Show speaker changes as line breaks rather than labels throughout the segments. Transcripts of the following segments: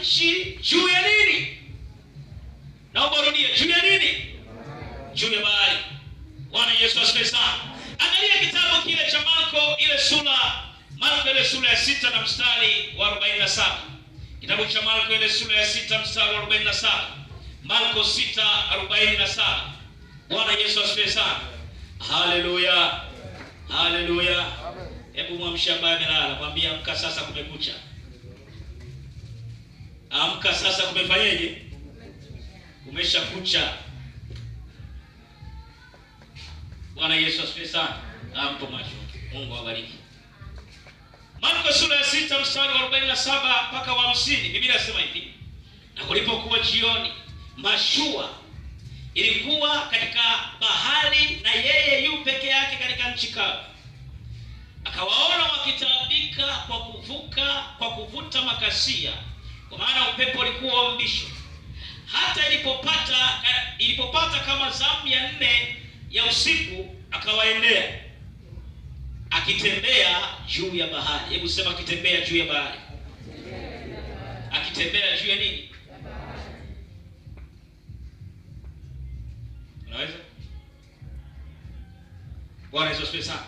nchi juu ya nini? Naomba rudia, juu ya nini? Juu ya bahari. Bwana Yesu asifiwe sana. Angalia kitabu kile cha Marko ile sura Marko ile sura ya sita na mstari wa 47. Kitabu cha Marko ile sura ya sita mstari wa 47. Marko 6:47. Bwana Yesu asifiwe sana. Haleluya. Haleluya. Hebu mwamsha ambaye amelala, mwambie amka sasa kumekucha. Amka sasa, kumefanyeje? Umesha kucha. Bwana Yesu asifiwe sana. Ampo macho. Mungu awabariki. Marko sura ya sita mstari wa 47 mpaka wa 50, Biblia inasema hivi: na kulipokuwa jioni, mashua ilikuwa katika bahari na yeye yu peke yake katika nchi kavu. Akawaona wakitaabika kwa kuvuka kwa kuvuta makasia kwa maana upepo ulikuwa wa Hata ilipopata ilipopata kama zamu ya nne ya usiku, akawaendea akitembea juu ya bahari. Hebu sema, akitembea juu ya bahari, akitembea juu ya nini? Unaweza Bwana Yesu asifiwe sana.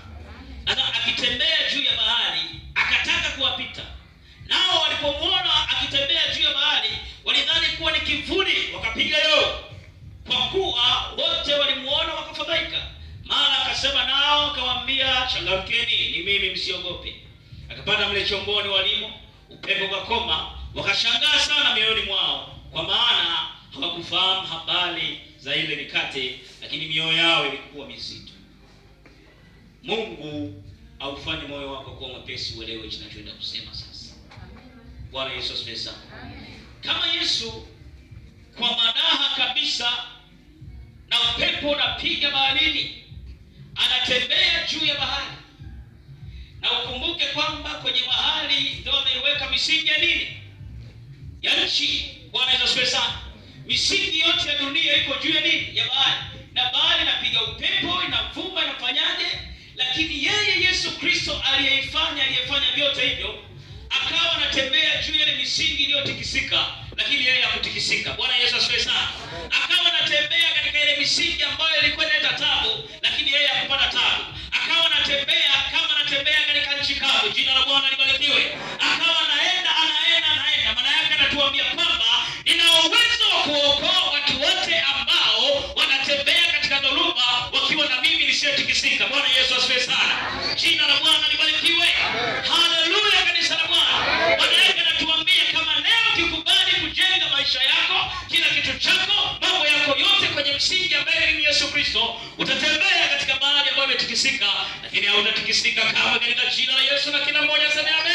Sasa akitembea juu ya bahari, akataka kuwapita nao walipomwona akitembea juu ya bahari, walidhani kuwa ni kivuli, wakapiga yo, kwa kuwa wote walimuona wakafadhaika. Mara akasema nao, akawaambia changamkeni, ni mimi, msiogope. Akapanda mle chomboni, walimo, upepo ukakoma, wakashangaa sana mioyoni mwao, kwa maana hawakufahamu habari za ile mikate, lakini mioyo yao ilikuwa mizito. Mungu aufanye moyo wako kuwa mwepesi uelewe kinachoenda kusema sasa. Bwana Yesu asifiwe sana. Kama Yesu kwa madaha kabisa, na upepo unapiga baharini, anatembea juu ya bahari, na ukumbuke kwamba kwenye bahari ndio ameiweka misingi ya nini, ya nchi. Bwana Yesu asifiwe sana. Misingi yote ya dunia iko juu ya nini, ya bahari, na bahari inapiga upepo, inavuma, inafanyaje? Lakini yeye Yesu Kristo aliyeifanya, aliyefanya vyote hivyo misingi iliyotikisika, lakini yeye hakutikisika. Bwana Yesu asifiwe sana. Akawa anatembea katika ile misingi ambayo ilikuwa inaleta tabu, lakini yeye hakupata tabu. Akawa anatembea kama anatembea katika nchi kavu. Jina la Bwana libarikiwe. Akawa anaenda anaenda anaenda, maana yake anatuambia misingi ambayo ni Yesu Kristo, utatembea katika mahali ambayo imetikisika, lakini hautatikisika kama katika jina la Yesu, na kila mmoja aseme amen.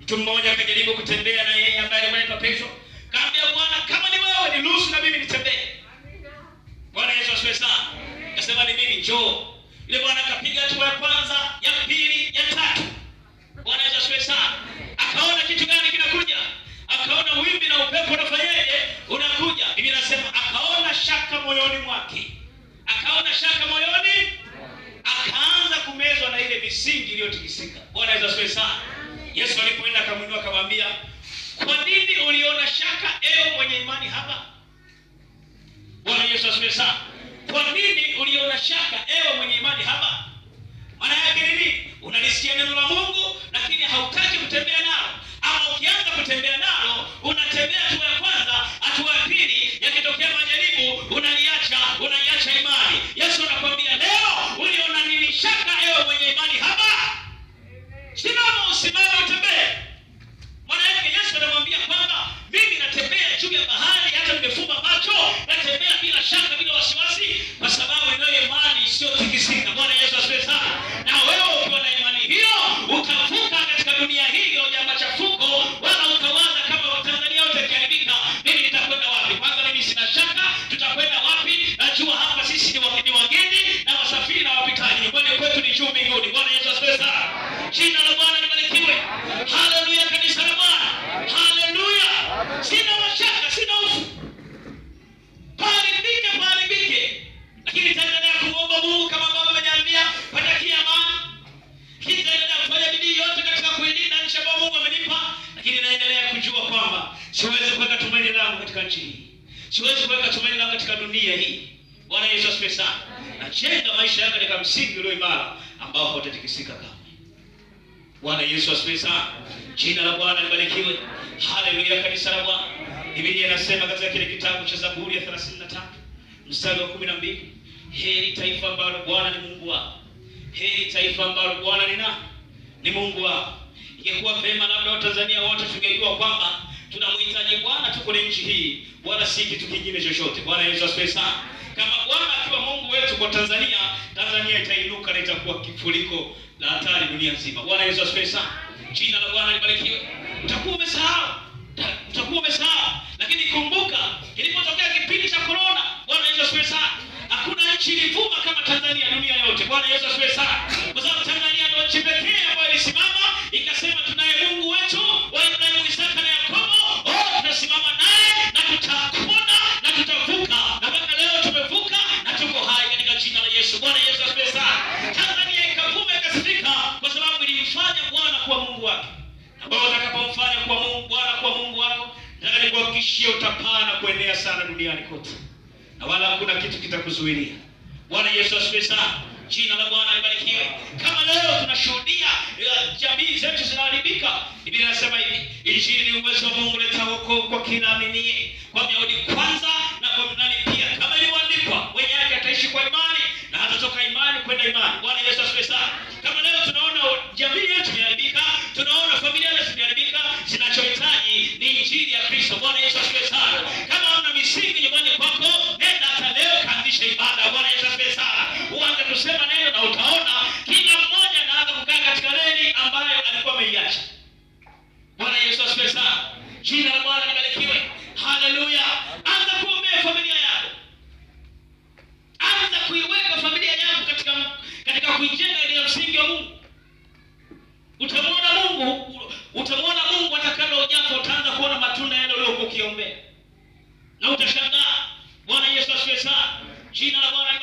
Mtu mmoja akajaribu kutembea na yeye ambaye alikuwa anaitwa Petro. kaambia Bwana, kama ni wewe ni ruhusu na mimi nitembee. Bwana Yesu asifiwe sana. Akasema ni mimi, njoo. Yule bwana akapiga hatua ya kwanza asifiwe sana. Akaona kitu gani kinakuja, akaona wimbi na upepo unafanyaje, unakuja. Biblia inasema akaona shaka moyoni mwake, akaona shaka moyoni, akaanza kumezwa na ile misingi iliyotikisika. Bwana Yesu asifiwe sana. Yesu alipoenda akamwinua, akamwambia kwa nini uliona shaka, ewe mwenye imani haba? Bwana Yesu asifiwe sana. Kwa nini uliona shaka, ewe mwenye imani haba? Maana yake nini? Unalisikia neno la Mungu katika nchi hii. Siwezi kuweka tumaini langu katika dunia hii. Bwana Yesu asifiwe sana. Najenga maisha yangu katika msingi ulio imara ambao hautatikisika kamwe. Bwana Yesu asifiwe sana. Jina la Bwana libarikiwe. Haleluya, kanisa la Bwana. Biblia inasema katika kile kitabu cha Zaburi ya 33 mstari wa 12, heri taifa ambalo Bwana ni Mungu wao. Heri taifa ambalo Bwana ni nani? Ni Mungu wao. Ingekuwa vema labda Watanzania wote tungejua kwamba kwenye nchi hii, wala si kitu kingine chochote. Bwana Yesu asifiwe sana. Kama Bwana akiwa Mungu wetu kwa Tanzania, Tanzania itainuka na itakuwa kifuliko la hatari dunia nzima. Bwana Yesu asifiwe sana. Jina la Bwana libarikiwe. Utakuwa umesahau, utakuwa umesahau, lakini kumbuka kilipotokea kipindi cha corona. Bwana Yesu asifiwe sana. Hakuna nchi ilivuma kama Tanzania dunia yote. Bwana Yesu asifiwe sana, kwa sababu Tanzania ndio nchi pekee ambayo ilisimama Kwa utakapomfanya kwa Mungu Bwana kwa Mungu wako, nataka nikuhakikishie utapaa na kuenea sana duniani kote, na wala hakuna kitu kitakuzuilia. Bwana Yesu asifiwe sana. Jina la Bwana libarikiwe. Kama leo tunashuhudia eh, jamii zetu zinaharibika, Biblia inasema hivi, injili ni uwezo wa Mungu leta wokovu kwa kila aminiye, kwa Myahudi kwanza wameiacha. Bwana Yesu asifiwe sana. Jina la Bwana libarikiwe. Haleluya. Anza kuombea familia yako. Anza kuiweka familia yako katika katika kuijenga ile msingi wa Mungu. Utamwona Mungu, utamwona Mungu atakalo japo utaanza kuona matunda yale uliyokuwa ukiombea. Na utashangaa. Bwana Yesu asifiwe sana. Jina la Bwana